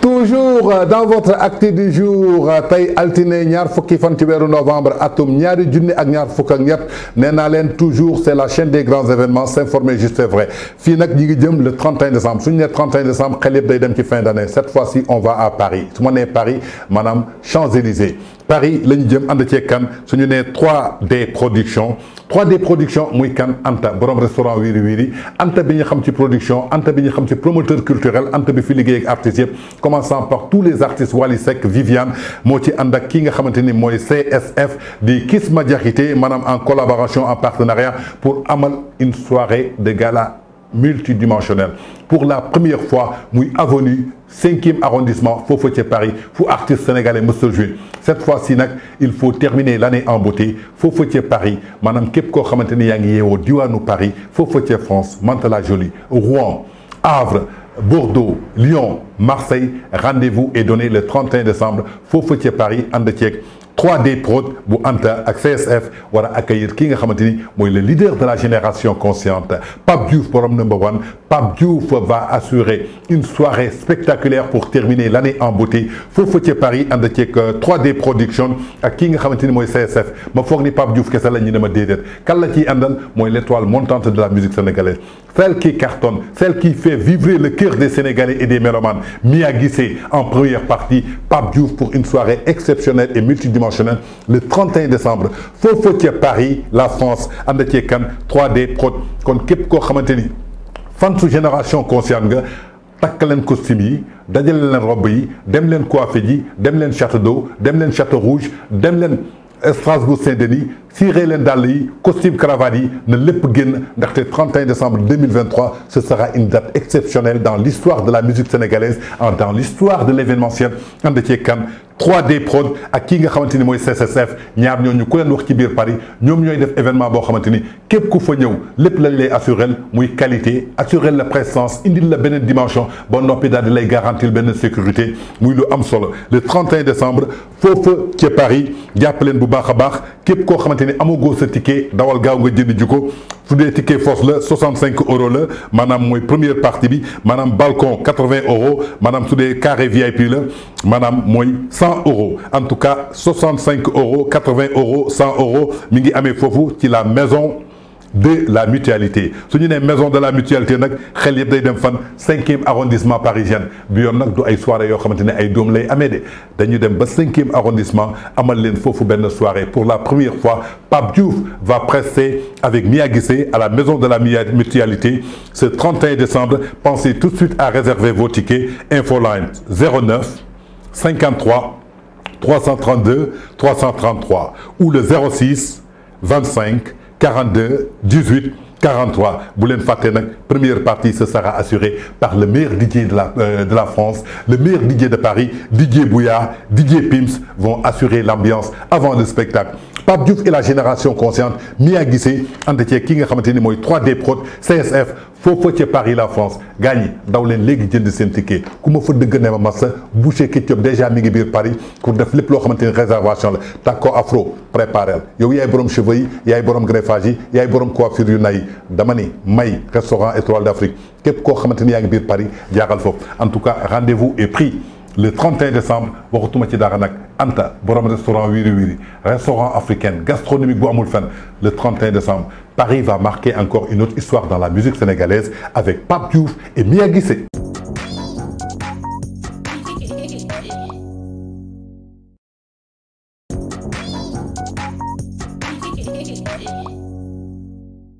तो toujours euh, dans votre acte du jour euh, tay altiné ñaar fukki fan ci weeru novembre atum ñaari junni ak ñaar fuk ak ñett nee toujours C'est la chaîne des grands événements s'informer juste vrai fi nak ñi ngi jëm le 31 décembre suñu né 31 décembre xel yëpp day dem ci fin d'année. cette fois ci on va à Paris su né Paris Madame Champs-Élysées Paris lañu jëm and ci kan suñu né 3D production 3D production muy kan Anta borom restaurant Wiri Wiri Anta bi ñu xam ci production Anta bi ñu xam ci promoteur culturel Anta bi fi liggéey ak artistes yëpp commence par tous les artistes wallisek Viviane Moti Anda King, Khamatini, ki CSF di Kiss Majorité, madame en collaboration en partenariat pour amal une soirée de gala multidimensionnelle pour la première fois Mouy avenue cinquième arrondissement Fofotier Paris pour artistes sénégalais monsieur joué cette fois-ci il faut terminer l'année en beauté Fofotier Paris madame Kepko Khamatini xamante ni Paris Fofotier France Mantala jolie Rouen Havre Bordeaux, Lyon, Marseille. Rendez-vous est donné le 31 décembre. Faux Paris, Andetiek. 3D Prod bu Anta ak CSF voilà accueillir King nga le leader de la génération consciente Pape Diouf le number one Pape Diouf va assurer une soirée spectaculaire pour terminer l'année en beauté Faut ci Paris and 3D euh, Production à King nga xamanteni moy CSF ma fogni Pape Diouf que la ñu ne ma kan la ci andal moy l'étoile montante de la musique sénégalaise celle qui cartonne celle qui fait vivre le cœur des Sénégalais et des mélomanes Mia Guissé en première partie Pape Diouf pour une soirée exceptionnelle et multidimensionnelle le 31 décembre faut ca Paris la France en métier 3D Pro, kon képp koo génération consciente nga takk leen costume yi Kouafedi, Demlen robe yi château d'eau dem château rouge dem Strasbourg Saint-Denis Cyril Dali, costume cravate ne na le 31 décembre 2023 ce sera une date exceptionnelle dans l'histoire de la musique sénégalaise dans l'histoire de l'événementiel En ceeg kan 3D Prod à qui nga xamante SSF. nous avons ñaar ñooñu ku leen wax ci biir Paris ñoom ñooy def événement boo xamante képp ku fa lañ lay assurel qualité assurel la présence indil la dimension di lay garantir sécurité muy le am solo le 31 décembre fauf que Paris jàpp leen bu baax a baax képp koo faire ni go ce ticket dawal gaaw nga jënd ji ko ticket force 65 euros madame madame première partie madame balcon 80 euros madame sous carré VIP pile madame 100 euros en tout cas 65 euros 80 euros 100 euros vous ngi amee vous ci la maison de la mutualité n'est pas une maison de la mutualité C'est xel 5 day arrondissement parisien Nous yoon soirée soirée pour la première fois Pape Diouf va presser... avec Mia à la maison de la mutualité ce 31 décembre pensez tout de suite à réserver vos tickets infoline 09 53 332 333 ou le 06 25 42 18 43 Vous l'avez première partie ce sera assurée par le meilleur Didier euh, de la France le meilleur DJ de Paris Didier Bouya Didier Pimps vont assurer l'ambiance avant le spectacle Pape et la génération consciente Mia Guissé ànd King nga 3D Prod CSF faut ca Paris la France gagne, dans les ligues de jënd seen ticket ku ma fa dëgg ma massa boucher Ketchup déjà mi bir Paris pour def lépp loo xamante une réservation T'as quoi Afro préparel yow Il borom cheveux yi yaay borom greffage y a borom coiffure yu nay dama ni may restaurant Étoile d'Afrique képp koo xamante ni yaa ngi biir Paris jaaxal faux. en tout cas rendez-vous est pris le 31 décembre vous ci dara nag Anta bon restaurant Wiri Wiri restaurant africain gastronomique bu amul le 31 décembre Paris va marquer encore une autre histoire dans la musique sénégalaise avec Pap Diouf et Mia Guissé.